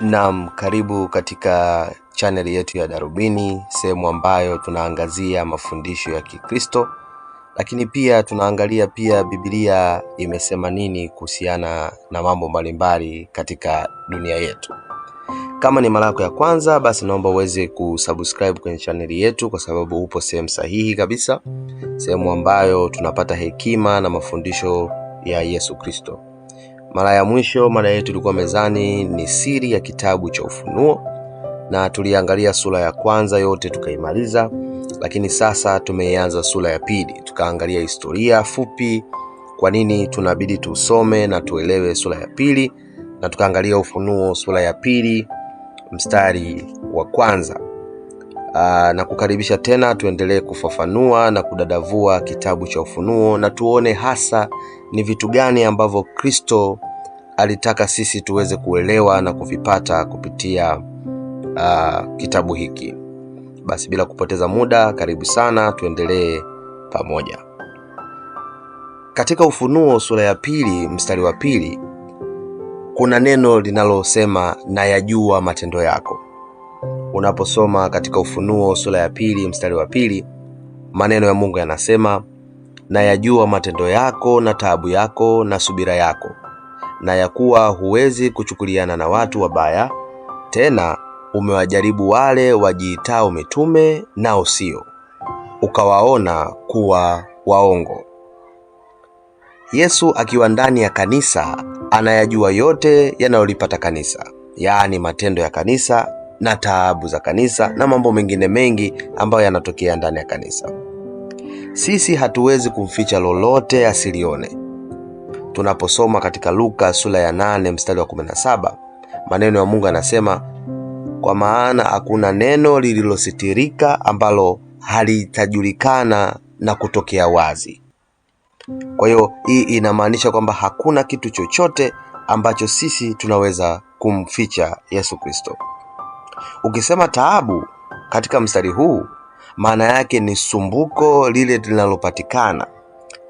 Naam, karibu katika chaneli yetu ya Darubini, sehemu ambayo tunaangazia mafundisho ya Kikristo, lakini pia tunaangalia pia Biblia imesema nini kuhusiana na mambo mbalimbali katika dunia yetu. Kama ni mara yako ya kwanza, basi naomba uweze kusubscribe kwenye chaneli yetu, kwa sababu upo sehemu sahihi kabisa, sehemu ambayo tunapata hekima na mafundisho ya Yesu Kristo. Mara ya mwisho mada yetu ilikuwa mezani ni siri ya kitabu cha Ufunuo, na tuliangalia sura ya kwanza yote tukaimaliza, lakini sasa tumeianza sura ya pili, tukaangalia historia fupi, kwa nini tunabidi tusome na tuelewe sura ya pili, na tukaangalia Ufunuo sura ya pili mstari wa kwanza. Aa, ah, na kukaribisha tena tuendelee kufafanua na kudadavua kitabu cha Ufunuo na tuone hasa ni vitu gani ambavyo Kristo alitaka sisi tuweze kuelewa na kuvipata kupitia aa, ah, kitabu hiki. Basi bila kupoteza muda, karibu sana tuendelee pamoja. Katika Ufunuo sura ya pili mstari wa pili kuna neno linalosema nayajua matendo yako unaposoma katika Ufunuo sura ya pili mstari wa pili maneno ya Mungu yanasema, na yajua matendo yako na taabu yako na subira yako, na ya kuwa huwezi kuchukuliana na watu wabaya, tena umewajaribu wale wajiitao mitume nao usio, ukawaona kuwa waongo. Yesu akiwa ndani ya kanisa anayajua yote yanayolipata kanisa, yaani matendo ya kanisa na taabu za kanisa na mambo mengine mengi ambayo yanatokea ndani ya kanisa. Sisi hatuwezi kumficha lolote asilione. Tunaposoma katika Luka sura ya 8 mstari wa 17, maneno ya Mungu anasema, kwa maana hakuna neno lililositirika ambalo halitajulikana na kutokea wazi. Kwa hiyo hii inamaanisha kwamba hakuna kitu chochote ambacho sisi tunaweza kumficha Yesu Kristo. Ukisema taabu katika mstari huu, maana yake ni sumbuko lile linalopatikana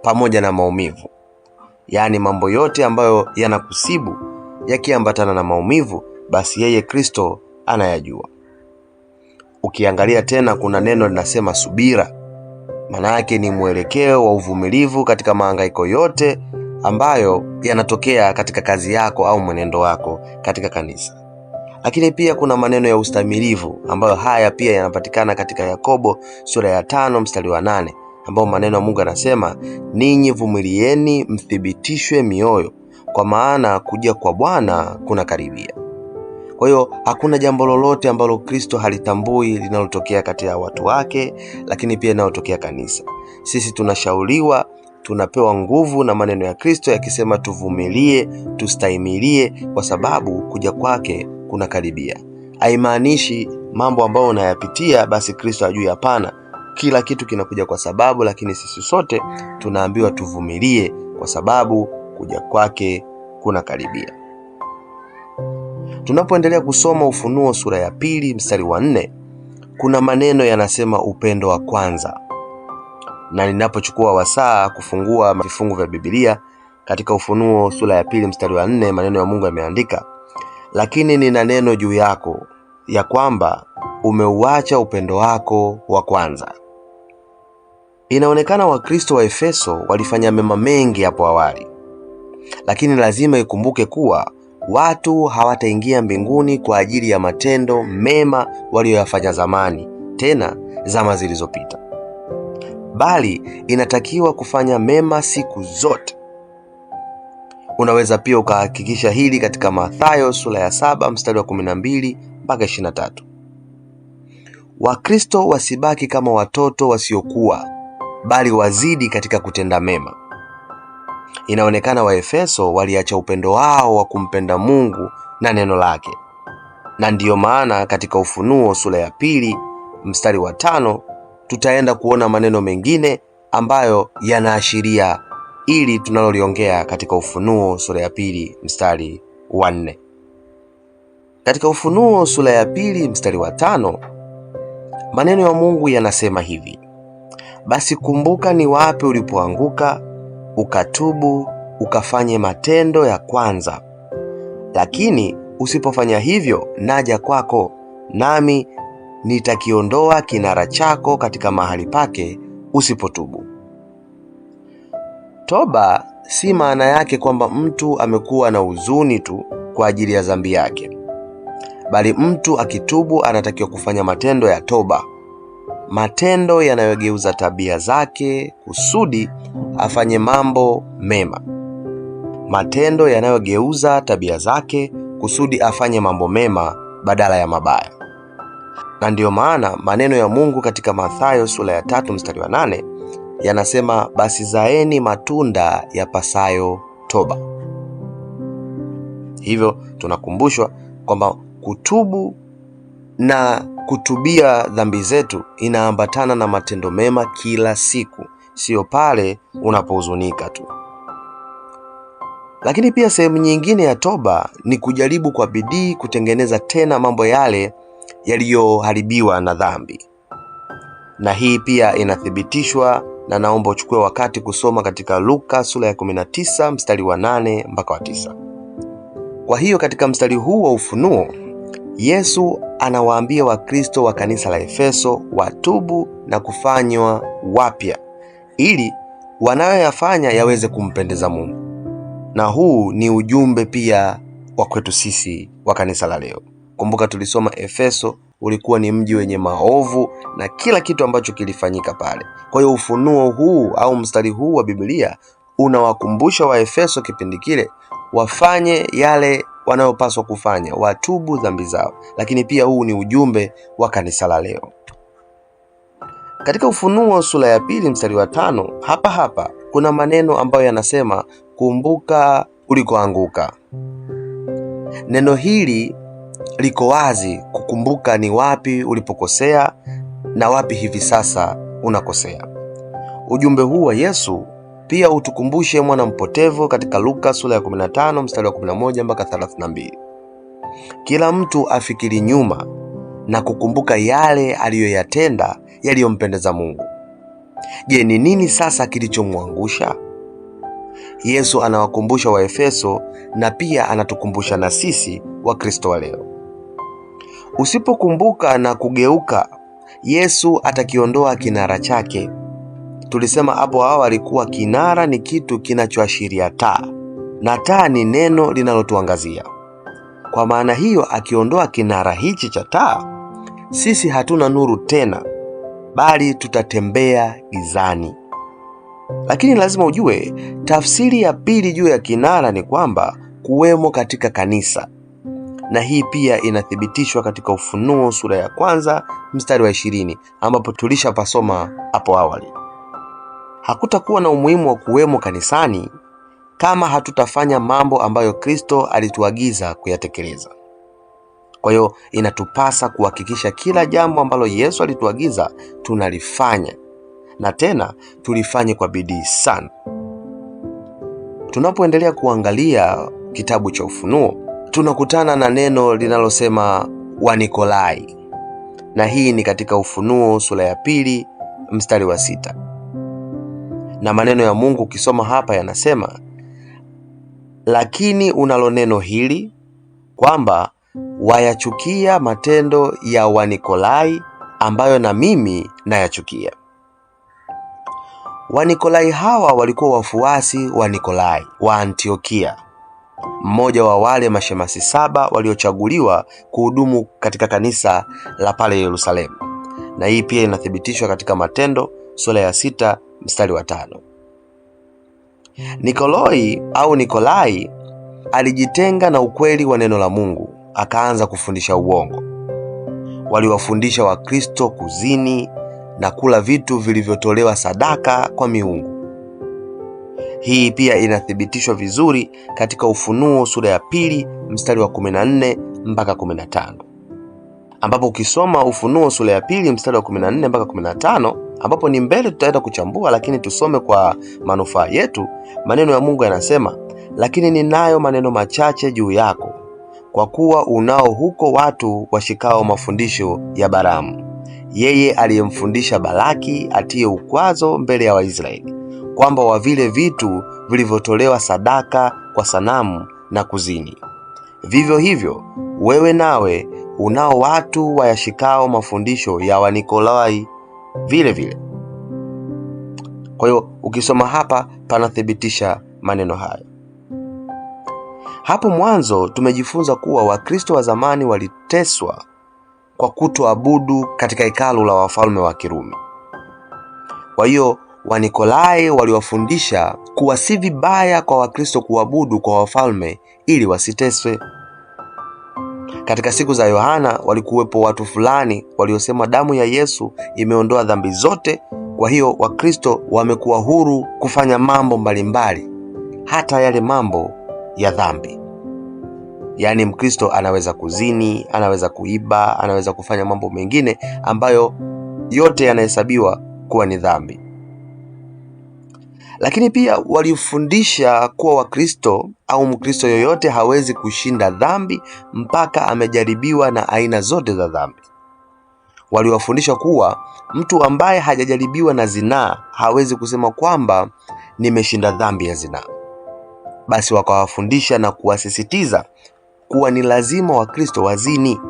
pamoja na maumivu, yaani mambo yote ambayo yanakusibu yakiambatana na maumivu, basi yeye Kristo anayajua. Ukiangalia tena, kuna neno linasema subira, maana yake ni mwelekeo wa uvumilivu katika mahangaiko yote ambayo yanatokea katika kazi yako au mwenendo wako katika kanisa. Lakini pia kuna maneno ya ustamilivu ambayo haya pia yanapatikana katika Yakobo sura ya tano mstari wa nane ambayo maneno ya Mungu anasema, ninyi vumilieni mthibitishwe mioyo, kwa maana kuja kwa Bwana kuna karibia. Kwa hiyo hakuna jambo lolote ambalo Kristo halitambui linalotokea kati ya watu wake, lakini pia linalotokea kanisa. Sisi tunashauriwa, tunapewa nguvu na maneno ya Kristo yakisema tuvumilie, tustahimilie, kwa sababu kuja kwake kunakaribia. Haimaanishi mambo ambayo unayapitia basi Kristo ajui. Hapana, kila kitu kinakuja kwa sababu, lakini sisi sote tunaambiwa tuvumilie kwa sababu kuja kwake kunakaribia. Tunapoendelea kusoma Ufunuo sura ya pili mstari wa nne kuna maneno yanasema upendo wa kwanza, na ninapochukua wasaa kufungua vifungu vya Biblia katika Ufunuo sura ya pili mstari wa nne maneno ya Mungu yameandika lakini nina neno juu yako ya kwamba umeuacha upendo wako wa kwanza. Inaonekana Wakristo wa Efeso walifanya mema mengi hapo awali, lakini lazima ikumbuke kuwa watu hawataingia mbinguni kwa ajili ya matendo mema waliyoyafanya zamani, tena zama zilizopita, bali inatakiwa kufanya mema siku zote Unaweza pia ukahakikisha hili katika Mathayo sura ya saba mstari wa 12 mpaka tatu. Wakristo wasibaki kama watoto wasiokuwa, bali wazidi katika kutenda mema. Inaonekana Waefeso waliacha upendo wao wa kumpenda Mungu na neno lake, na ndiyo maana katika Ufunuo sura ya pili mstari wa tano tutaenda kuona maneno mengine ambayo yanaashiria ili tunaloliongea katika Ufunuo sura ya pili mstari wa nne. Katika Ufunuo sura ya pili mstari wa tano maneno ya Mungu yanasema hivi: basi kumbuka ni wapi ulipoanguka, ukatubu, ukafanye matendo ya kwanza. Lakini usipofanya hivyo, naja kwako, nami nitakiondoa kinara chako katika mahali pake, usipotubu. Toba si maana yake kwamba mtu amekuwa na huzuni tu kwa ajili ya dhambi yake, bali mtu akitubu anatakiwa kufanya matendo ya toba, matendo yanayogeuza tabia zake kusudi afanye mambo mema, matendo yanayogeuza tabia zake kusudi afanye mambo mema badala ya mabaya. Na ndiyo maana maneno ya Mungu katika Mathayo sura ya tatu mstari wa nane yanasema, basi zaeni matunda yapasayo toba. Hivyo tunakumbushwa kwamba kutubu na kutubia dhambi zetu inaambatana na matendo mema kila siku, sio pale unapohuzunika tu. Lakini pia sehemu nyingine ya toba ni kujaribu kwa bidii kutengeneza tena mambo yale yaliyoharibiwa na dhambi, na hii pia inathibitishwa na naomba uchukue wakati kusoma katika Luka sura ya 19 mstari wa 8 mpaka wa tisa. Kwa hiyo katika mstari huu wa ufunuo, Yesu anawaambia Wakristo wa kanisa la Efeso watubu na kufanywa wapya ili wanayoyafanya yaweze kumpendeza Mungu. Na huu ni ujumbe pia wa kwetu sisi wa kanisa la leo. Kumbuka tulisoma Efeso ulikuwa ni mji wenye maovu na kila kitu ambacho kilifanyika pale. Kwa hiyo ufunuo huu au mstari huu wa Biblia unawakumbusha Waefeso kipindi kile wafanye yale wanayopaswa kufanya, watubu dhambi zao. Lakini pia huu ni ujumbe wa kanisa la leo. Katika Ufunuo sura ya pili mstari wa tano hapa hapa kuna maneno ambayo yanasema kumbuka ulikoanguka. Neno hili liko wazi kukumbuka ni wapi ulipokosea na wapi hivi sasa unakosea. Ujumbe huu wa Yesu pia utukumbushe mwana mpotevu katika Luka sura ya 15 mstari wa 11 mpaka 32. Kila mtu afikiri nyuma na kukumbuka yale aliyoyatenda yaliyompendeza Mungu. Je, ni nini sasa kilichomwangusha? Yesu anawakumbusha Waefeso na pia anatukumbusha na sisi Wakristo wa leo. Usipokumbuka na kugeuka, Yesu atakiondoa kinara chake. Tulisema hapo awali kuwa kinara ni kitu kinachoashiria taa, na taa ni neno linalotuangazia. Kwa maana hiyo, akiondoa kinara hichi cha taa, sisi hatuna nuru tena, bali tutatembea gizani. Lakini lazima ujue tafsiri ya pili juu ya kinara ni kwamba kuwemo katika kanisa, na hii pia inathibitishwa katika Ufunuo sura ya kwanza mstari wa ishirini ambapo tulishapasoma hapo awali. Hakutakuwa na umuhimu wa kuwemo kanisani kama hatutafanya mambo ambayo Kristo alituagiza kuyatekeleza. Kwa hiyo inatupasa kuhakikisha kila jambo ambalo Yesu alituagiza tunalifanya na tena tulifanye kwa bidii sana. Tunapoendelea kuangalia kitabu cha Ufunuo tunakutana na neno linalosema Wanikolai, na hii ni katika Ufunuo sura ya pili mstari wa sita na maneno ya Mungu ukisoma hapa yanasema, lakini unalo neno hili kwamba wayachukia matendo ya Wanikolai ambayo na mimi nayachukia. Wanikolai hawa walikuwa wafuasi wa Nikolai wa Antiokia, mmoja wa wale mashemasi saba waliochaguliwa kuhudumu katika kanisa la pale Yerusalemu, na hii pia inathibitishwa katika Matendo sura ya sita mstari wa tano. Nikolai au Nikolai alijitenga na ukweli wa neno la Mungu, akaanza kufundisha uongo. Waliwafundisha Wakristo kuzini na kula vitu vilivyotolewa sadaka kwa miungu. Hii pia inathibitishwa vizuri katika Ufunuo sura ya pili mstari wa 14 mpaka 15, ambapo ukisoma Ufunuo sura ya pili mstari wa 14 mpaka 15, ambapo ni mbele tutaenda kuchambua, lakini tusome kwa manufaa yetu. Maneno ya Mungu yanasema, lakini ninayo maneno machache juu yako, kwa kuwa unao huko watu washikao mafundisho ya Balaamu yeye aliyemfundisha Balaki atie ukwazo mbele ya Waisraeli kwamba wa vile vitu vilivyotolewa sadaka kwa sanamu na kuzini. Vivyo hivyo wewe nawe unao watu wayashikao mafundisho ya Wanikolai vile vile. Kwa hiyo ukisoma hapa panathibitisha maneno hayo. Hapo mwanzo tumejifunza kuwa Wakristo wa zamani waliteswa kwa kutoabudu katika hekalu la wafalme wa Kirumi. Kwa hiyo Wanikolai waliwafundisha kuwa si vibaya kwa Wakristo kuabudu kwa wafalme ili wasiteswe. Katika siku za Yohana walikuwepo watu fulani waliosema damu ya Yesu imeondoa dhambi zote, kwa hiyo Wakristo wamekuwa huru kufanya mambo mbalimbali, hata yale mambo ya dhambi. Yaani Mkristo anaweza kuzini, anaweza kuiba, anaweza kufanya mambo mengine ambayo yote yanahesabiwa kuwa ni dhambi. Lakini pia walifundisha kuwa Wakristo au Mkristo yoyote hawezi kushinda dhambi mpaka amejaribiwa na aina zote za dhambi. Waliwafundisha kuwa mtu ambaye hajajaribiwa na zinaa hawezi kusema kwamba nimeshinda dhambi ya zinaa. Basi wakawafundisha na kuwasisitiza kuwa ni lazima Wakristo wazini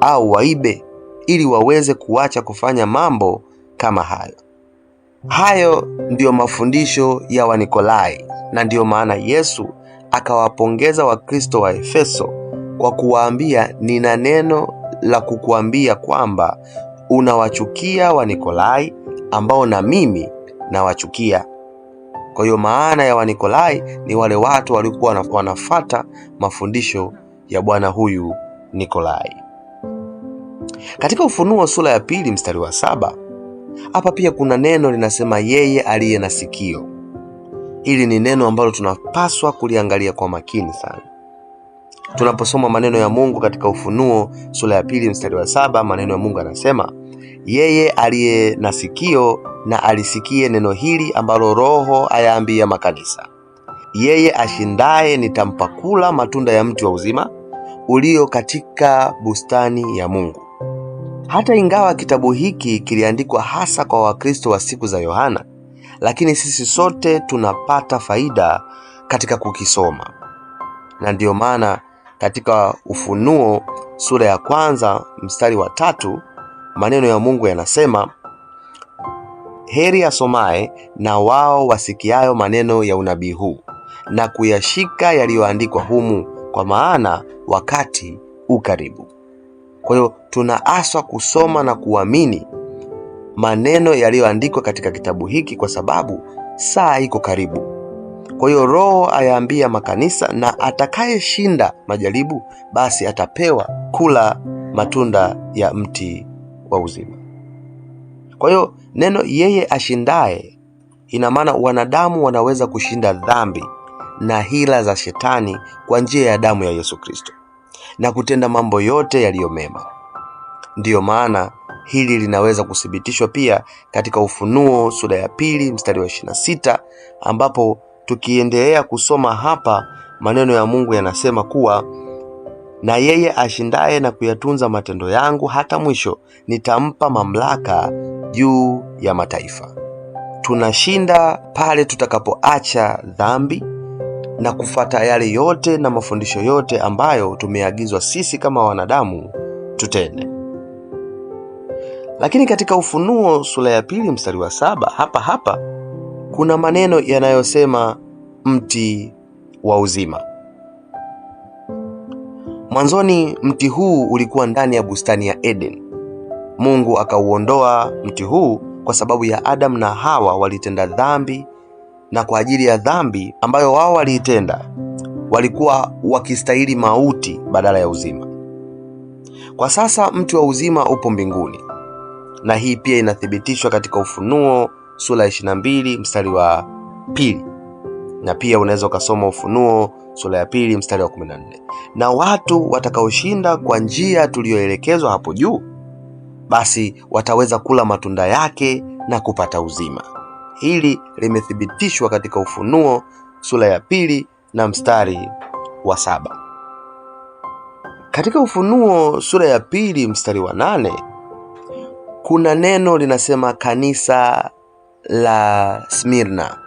au waibe ili waweze kuacha kufanya mambo kama hayo. Hayo ndiyo mafundisho ya Wanikolai, na ndiyo maana Yesu akawapongeza Wakristo wa Efeso kwa kuwaambia, nina neno la kukuambia kwamba unawachukia Wanikolai ambao na mimi nawachukia. Kwa hiyo maana ya Wanikolai ni wale watu waliokuwa wanafata mafundisho ya bwana huyu Nikolai. Katika Ufunuo sura ya pili mstari wa saba hapa pia kuna neno linasema yeye aliye na sikio. Hili ni neno ambalo tunapaswa kuliangalia kwa makini sana tunaposoma maneno ya Mungu katika Ufunuo sura ya pili mstari wa saba. Maneno ya Mungu anasema yeye aliye na sikio na alisikie neno hili ambalo Roho ayaambia makanisa, yeye ashindaye nitampa kula matunda ya mti wa uzima ulio katika bustani ya Mungu. Hata ingawa kitabu hiki kiliandikwa hasa kwa Wakristo wa siku za Yohana, lakini sisi sote tunapata faida katika kukisoma, na ndiyo maana katika Ufunuo sura ya kwanza mstari wa tatu maneno ya Mungu yanasema, heri asomaye na wao wasikiayo maneno ya unabii huu na kuyashika yaliyoandikwa humu, kwa maana wakati ukaribu. Kwa hiyo tunaaswa kusoma na kuamini maneno yaliyoandikwa katika kitabu hiki, kwa sababu saa iko karibu. Kwa hiyo Roho ayaambia makanisa, na atakayeshinda majaribu basi atapewa kula matunda ya mti wa uzima. Kwa hiyo neno yeye ashindaye, ina maana wanadamu wanaweza kushinda dhambi na hila za shetani kwa njia ya damu ya Yesu Kristo na kutenda mambo yote yaliyo mema. Ndiyo maana hili linaweza kuthibitishwa pia katika Ufunuo sura ya pili mstari wa 26 ambapo tukiendelea kusoma hapa maneno ya Mungu yanasema kuwa na yeye ashindaye na kuyatunza matendo yangu hata mwisho, nitampa mamlaka juu ya mataifa. Tunashinda pale tutakapoacha dhambi, na kufata yale yote na mafundisho yote ambayo tumeagizwa sisi kama wanadamu tutende. Lakini katika Ufunuo sura ya pili mstari wa saba hapa hapa kuna maneno yanayosema mti wa uzima. Mwanzoni mti huu ulikuwa ndani ya bustani ya Eden. Mungu akauondoa mti huu kwa sababu ya Adamu na Hawa walitenda dhambi na kwa ajili ya dhambi ambayo wao waliitenda walikuwa wakistahili mauti badala ya uzima. Kwa sasa mti wa uzima upo mbinguni, na hii pia inathibitishwa katika Ufunuo sura ya 22 mstari wa pili, na pia unaweza ukasoma Ufunuo sura ya pili mstari wa 14. Na watu watakaoshinda kwa njia tuliyoelekezwa hapo juu, basi wataweza kula matunda yake na kupata uzima. Hili limethibitishwa katika Ufunuo sura ya pili na mstari wa saba. Katika Ufunuo sura ya pili mstari wa nane kuna neno linasema kanisa la Smirna.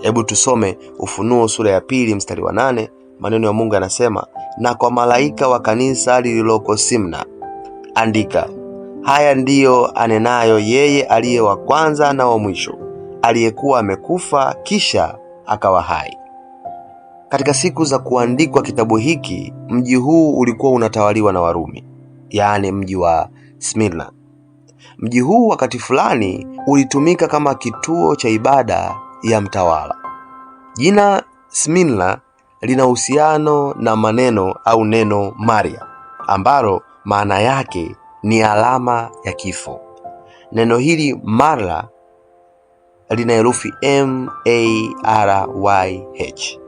Hebu tusome Ufunuo sura ya pili mstari wa nane. Maneno ya Mungu yanasema, na kwa malaika wa kanisa lililoko Simna andika, Haya ndiyo anenayo yeye aliye wa kwanza na wa mwisho, aliyekuwa amekufa kisha akawa hai. Katika siku za kuandikwa kitabu hiki, mji huu ulikuwa unatawaliwa na Warumi, yaani mji wa Smyrna. Mji huu wakati fulani ulitumika kama kituo cha ibada ya mtawala. Jina Smyrna lina uhusiano na maneno au neno Maria ambalo maana yake ni alama ya kifo. Neno hili mara lina herufi M A R Y H.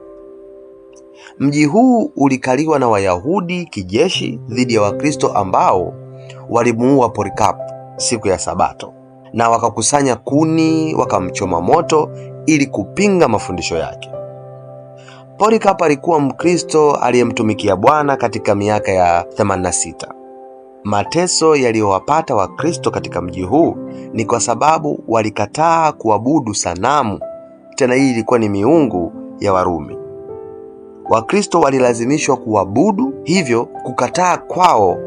Mji huu ulikaliwa na Wayahudi kijeshi dhidi ya Wakristo ambao walimuua Polikapu siku ya Sabato na wakakusanya kuni wakamchoma moto ili kupinga mafundisho yake. Polikapu alikuwa Mkristo aliyemtumikia Bwana katika miaka ya 86. Mateso yaliyowapata Wakristo katika mji huu ni kwa sababu walikataa kuabudu sanamu, tena hii ilikuwa ni miungu ya Warumi. Wakristo walilazimishwa kuabudu, hivyo kukataa kwao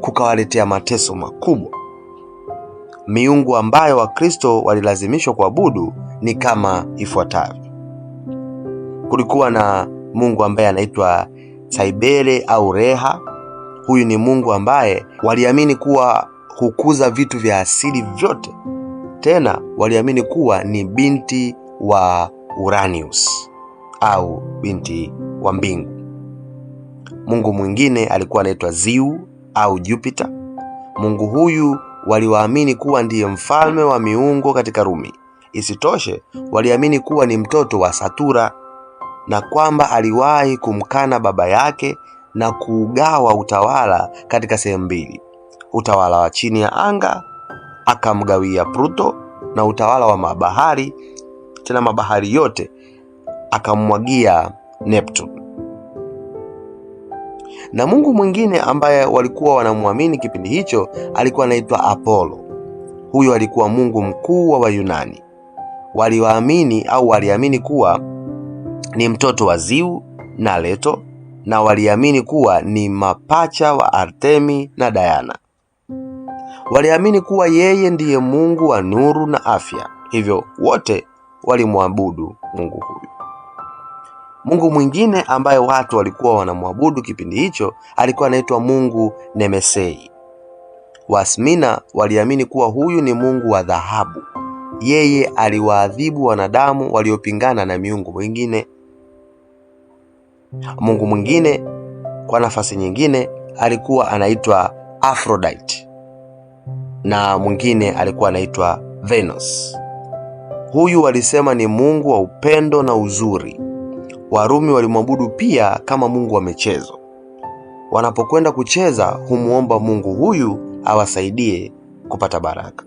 kukawaletea mateso makubwa. Miungu ambayo Wakristo walilazimishwa kuabudu ni kama ifuatavyo. Kulikuwa na mungu ambaye anaitwa Saibele au Reha huyu ni Mungu ambaye waliamini kuwa hukuza vitu vya asili vyote. Tena waliamini kuwa ni binti wa Uranius au binti wa mbingu. Mungu mwingine alikuwa anaitwa Ziu au Jupiter. Mungu huyu waliwaamini kuwa ndiye mfalme wa miungu katika Rumi. Isitoshe, waliamini kuwa ni mtoto wa Satura na kwamba aliwahi kumkana baba yake na kuugawa utawala katika sehemu mbili: utawala wa chini ya anga akamgawia Pluto, na utawala wa mabahari, tena mabahari yote akamwagia Neptune. Na mungu mwingine ambaye walikuwa wanamwamini kipindi hicho alikuwa anaitwa Apollo. Huyo alikuwa mungu mkuu wa Wayunani. Waliwaamini au waliamini kuwa ni mtoto wa Ziu na Leto na waliamini kuwa ni mapacha wa Artemi na Diana. Waliamini kuwa yeye ndiye Mungu wa nuru na afya, hivyo wote walimwabudu Mungu huyu. Mungu mwingine ambaye watu walikuwa wanamwabudu kipindi hicho alikuwa anaitwa Mungu Nemesei. Wasmina waliamini kuwa huyu ni Mungu wa dhahabu. Yeye aliwaadhibu wanadamu waliopingana na miungu mingine Mungu mwingine kwa nafasi nyingine alikuwa anaitwa Aphrodite na mwingine alikuwa anaitwa Venus. Huyu walisema ni mungu wa upendo na uzuri. Warumi walimwabudu pia kama mungu wa michezo. Wanapokwenda kucheza, humwomba mungu huyu awasaidie kupata baraka.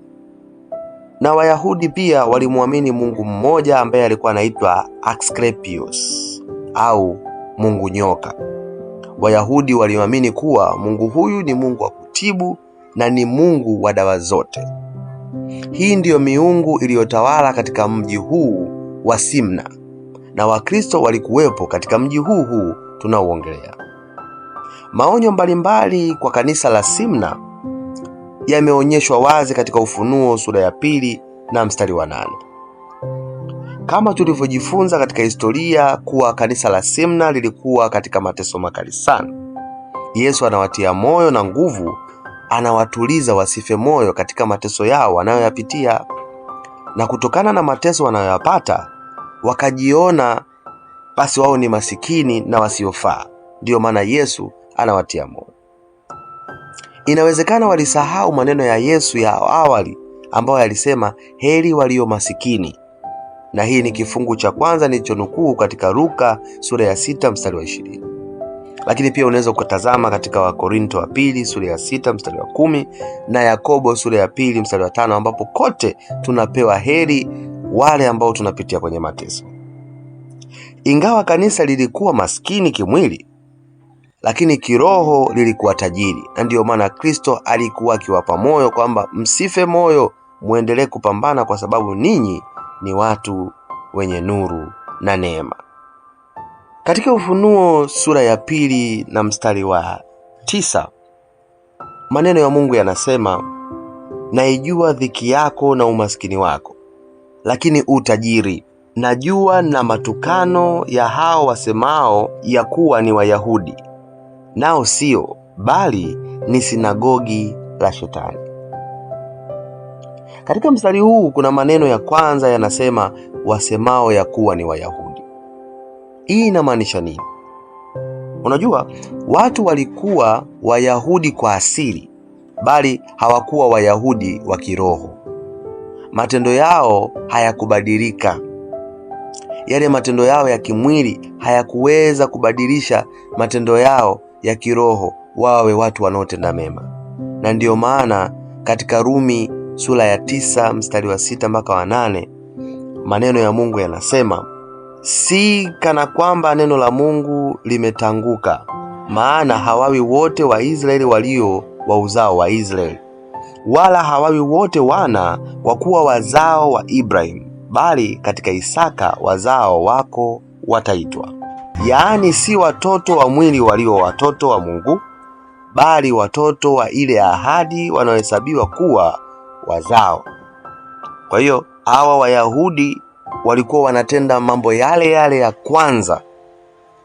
Na Wayahudi pia walimwamini mungu mmoja ambaye alikuwa anaitwa Asclepius au Mungu nyoka. Wayahudi waliamini kuwa Mungu huyu ni Mungu wa kutibu na ni Mungu wa dawa zote. Hii ndiyo miungu iliyotawala katika mji huu wa Simna, na Wakristo walikuwepo katika mji huu huu tunaoongelea. Maonyo mbalimbali kwa kanisa la Simna yameonyeshwa wazi katika Ufunuo sura ya pili na mstari wa nane. Kama tulivyojifunza katika historia kuwa kanisa la Simna lilikuwa katika mateso makali sana. Yesu anawatia moyo na nguvu, anawatuliza wasife moyo katika mateso yao wanayoyapitia, na kutokana na mateso wanayoyapata wakajiona basi wao ni masikini na wasiofaa. Ndiyo maana Yesu anawatia moyo. Inawezekana walisahau maneno ya Yesu ya awali ambayo yalisema, heri walio masikini na hii ni kifungu cha kwanza nilichonukuu katika Luka sura ya sita mstari wa ishirini lakini pia unaweza ukatazama katika Wakorinto wa pili sura ya sita mstari wa kumi na Yakobo sura ya pili mstari wa tano ambapo kote tunapewa heri wale ambao tunapitia kwenye mateso. Ingawa kanisa lilikuwa maskini kimwili, lakini kiroho lilikuwa tajiri, na ndiyo maana Kristo alikuwa akiwapa moyo kwamba msife moyo, muendelee kupambana kwa sababu ninyi ni watu wenye nuru na neema. Katika Ufunuo sura ya pili na mstari wa tisa maneno ya Mungu yanasema, naijua dhiki yako na umaskini wako, lakini utajiri najua na matukano ya hao wasemao ya kuwa ni Wayahudi, nao sio, bali ni sinagogi la Shetani. Katika mstari huu kuna maneno ya kwanza yanasema wasemao ya kuwa ni Wayahudi. Hii inamaanisha nini? Unajua, watu walikuwa Wayahudi kwa asili, bali hawakuwa Wayahudi wa kiroho. Matendo yao hayakubadilika, yale matendo yao ya kimwili hayakuweza kubadilisha matendo yao ya kiroho wawe watu wanaotenda mema, na ndiyo maana katika Rumi sura ya tisa mstari wa sita mpaka wa nane maneno ya Mungu yanasema, si kana kwamba neno la Mungu limetanguka, maana hawawi wote wa Israeli walio wa uzao wa Israeli, wala hawawi wote wana kwa kuwa wazao wa Ibrahimu, bali katika Isaka wazao wako wataitwa. Yaani si watoto wa mwili walio watoto wa Mungu, bali watoto wa ile ahadi wanaohesabiwa kuwa wazao. Kwa hiyo hawa Wayahudi walikuwa wanatenda mambo yale yale ya kwanza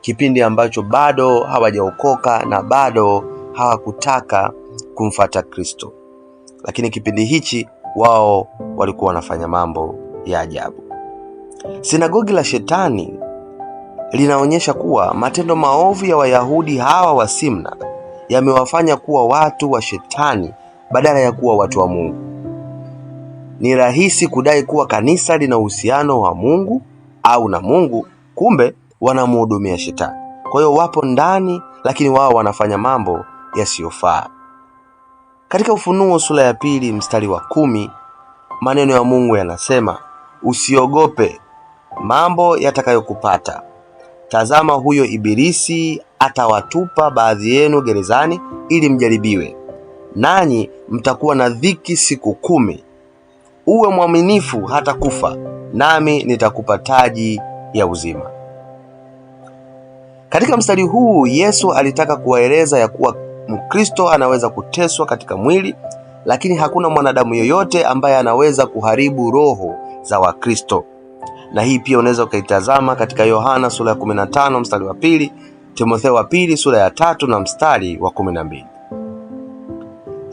kipindi ambacho bado hawajaokoka na bado hawakutaka kumfata Kristo, lakini kipindi hichi wao walikuwa wanafanya mambo ya ajabu. Sinagogi la Shetani linaonyesha kuwa matendo maovu ya Wayahudi hawa wa Simna yamewafanya kuwa watu wa Shetani badala ya kuwa watu wa Mungu. Ni rahisi kudai kuwa kanisa lina uhusiano wa Mungu au na Mungu, kumbe wanamhudumia Shetani. Kwa hiyo wapo ndani, lakini wao wanafanya mambo yasiyofaa. Katika Ufunuo sura ya pili mstari wa kumi maneno ya Mungu yanasema, usiogope mambo yatakayokupata. Tazama, huyo Ibilisi atawatupa baadhi yenu gerezani ili mjaribiwe, nanyi mtakuwa na dhiki siku kumi uwe mwaminifu hata kufa, nami nitakupa taji ya uzima. Katika mstari huu Yesu alitaka kuwaeleza ya kuwa Mkristo anaweza kuteswa katika mwili, lakini hakuna mwanadamu yoyote ambaye anaweza kuharibu roho za Wakristo. Na hii pia unaweza ukaitazama katika Yohana sura ya 15 mstari wa pili, Timotheo wa pili sura ya tatu na mstari wa 12.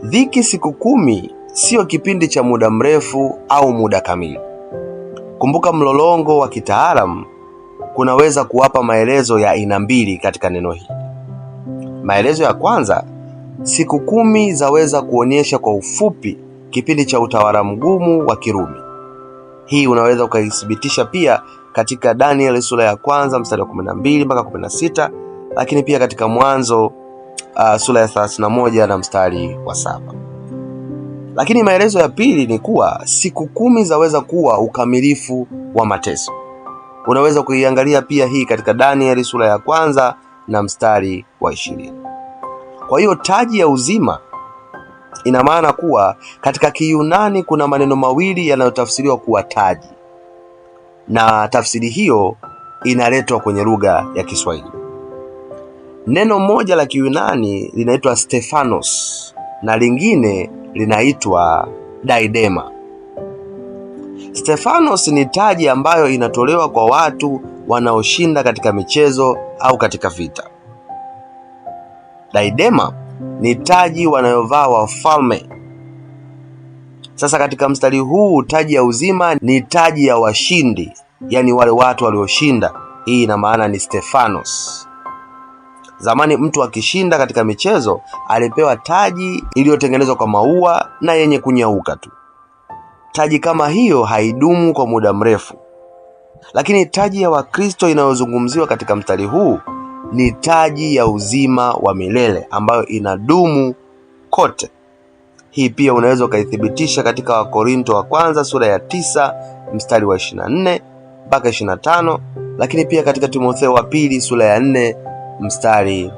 Dhiki siku kumi sio kipindi cha muda mrefu au muda kamili. Kumbuka, mlolongo wa kitaalamu kunaweza kuwapa maelezo ya aina mbili katika neno hili. Maelezo ya kwanza, siku kumi zaweza kuonyesha kwa ufupi kipindi cha utawala mgumu wa Kirumi. Hii unaweza ukaithibitisha pia katika Danieli sura ya kwanza mstari wa 12 mpaka 16, lakini pia katika Mwanzo uh, sura ya 31 na mstari wa saba. Lakini maelezo ya pili ni kuwa siku kumi zaweza kuwa ukamilifu wa mateso. Unaweza kuiangalia pia hii katika Danieli sura ya kwanza na mstari wa ishirini. Kwa hiyo taji ya uzima ina maana kuwa katika Kiyunani kuna maneno mawili yanayotafsiriwa kuwa taji, na tafsiri hiyo inaletwa kwenye lugha ya Kiswahili. Neno moja la Kiyunani linaitwa Stefanos na lingine linaitwa daidema. Stefanos ni taji ambayo inatolewa kwa watu wanaoshinda katika michezo au katika vita. Daidema ni taji wanayovaa wafalme. Sasa katika mstari huu taji ya uzima ni taji ya washindi, yaani wale watu walioshinda. Hii ina maana ni Stefanos. Zamani mtu akishinda katika michezo alipewa taji iliyotengenezwa kwa maua na yenye kunyauka tu. Taji kama hiyo haidumu kwa muda mrefu, lakini taji ya Wakristo inayozungumziwa katika mstari huu ni taji ya uzima wa milele ambayo inadumu kote. Hii pia unaweza ukaithibitisha katika Wakorinto wa kwanza sura ya tisa mstari wa 24 mpaka 25, lakini pia katika Timotheo wa pili sura ya 4 mstari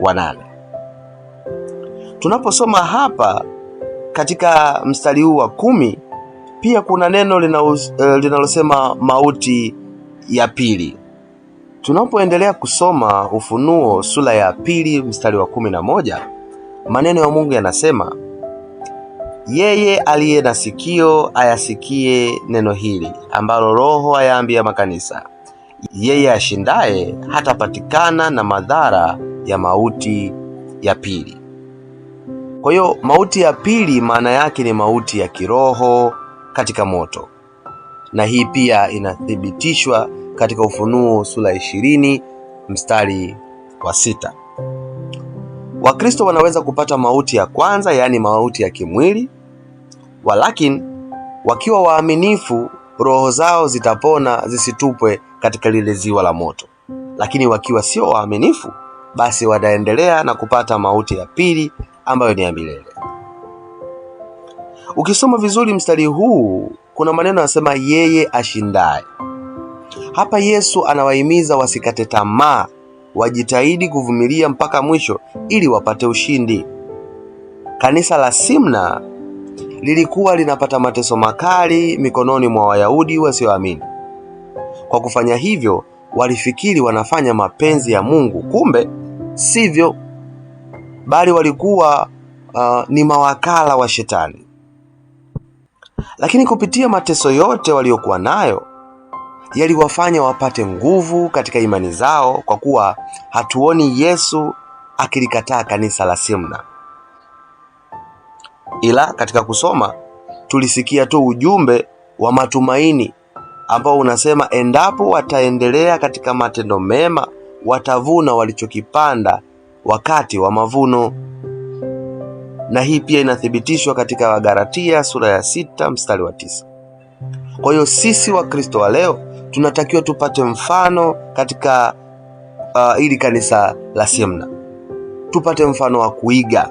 wa nane. Tunaposoma hapa katika mstari huu wa kumi pia kuna neno eh, linalosema mauti ya pili. Tunapoendelea kusoma Ufunuo sura ya pili mstari wa kumi na moja maneno ya Mungu yanasema, yeye aliye na sikio ayasikie neno hili ambalo Roho ayaambia makanisa yeye ashindaye hatapatikana na madhara ya mauti ya pili. Kwa hiyo mauti ya pili maana yake ni mauti ya kiroho katika moto, na hii pia inathibitishwa katika Ufunuo sura 20 mstari wa sita. Wakristo wanaweza kupata mauti ya kwanza, yaani mauti ya kimwili, walakini wakiwa waaminifu roho zao zitapona zisitupwe katika lile ziwa la moto. Lakini wakiwa sio waaminifu, basi wataendelea na kupata mauti ya pili ambayo ni ya milele. Ukisoma vizuri mstari huu, kuna maneno yanasema yeye ashindaye. Hapa Yesu anawahimiza wasikate tamaa, wajitahidi kuvumilia mpaka mwisho ili wapate ushindi. Kanisa la Simna lilikuwa linapata mateso makali mikononi mwa Wayahudi wasioamini. Kwa kufanya hivyo, walifikiri wanafanya mapenzi ya Mungu, kumbe sivyo, bali walikuwa uh, ni mawakala wa Shetani. Lakini kupitia mateso yote waliokuwa nayo yaliwafanya wapate nguvu katika imani zao, kwa kuwa hatuoni Yesu akilikataa kanisa la Simna, ila katika kusoma tulisikia tu ujumbe wa matumaini ambao unasema endapo wataendelea katika matendo mema watavuna walichokipanda wakati wa mavuno. Na hii pia inathibitishwa katika wagaratia sura ya sita mstari wa tisa. Kwa hiyo sisi Wakristo wa leo tunatakiwa tupate mfano katika uh, ili kanisa la semna tupate mfano wa kuiga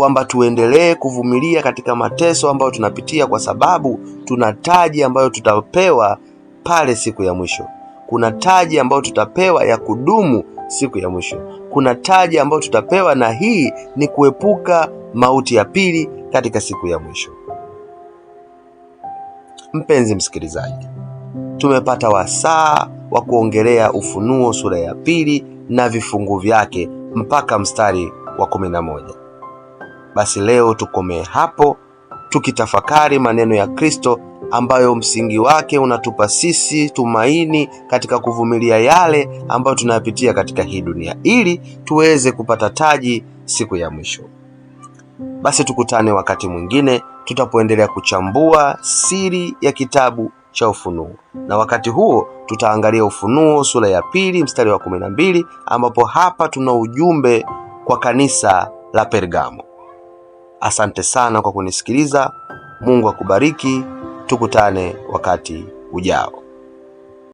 kwamba tuendelee kuvumilia katika mateso ambayo tunapitia, kwa sababu tuna taji ambayo tutapewa pale siku ya mwisho. Kuna taji ambayo tutapewa ya kudumu siku ya mwisho. Kuna taji ambayo tutapewa, na hii ni kuepuka mauti ya pili katika siku ya mwisho. Mpenzi msikilizaji, tumepata wasaa wa kuongelea Ufunuo sura ya pili na vifungu vyake mpaka mstari wa 11. Basi leo tukomee hapo tukitafakari maneno ya Kristo ambayo msingi wake unatupa sisi tumaini katika kuvumilia yale ambayo tunayapitia katika hii dunia ili tuweze kupata taji siku ya mwisho. Basi tukutane wakati mwingine tutapoendelea kuchambua siri ya kitabu cha Ufunuo, na wakati huo tutaangalia Ufunuo sura ya pili mstari wa 12 ambapo hapa tuna ujumbe kwa kanisa la Pergamo. Asante sana kwa kunisikiliza. Mungu akubariki. Tukutane wakati ujao.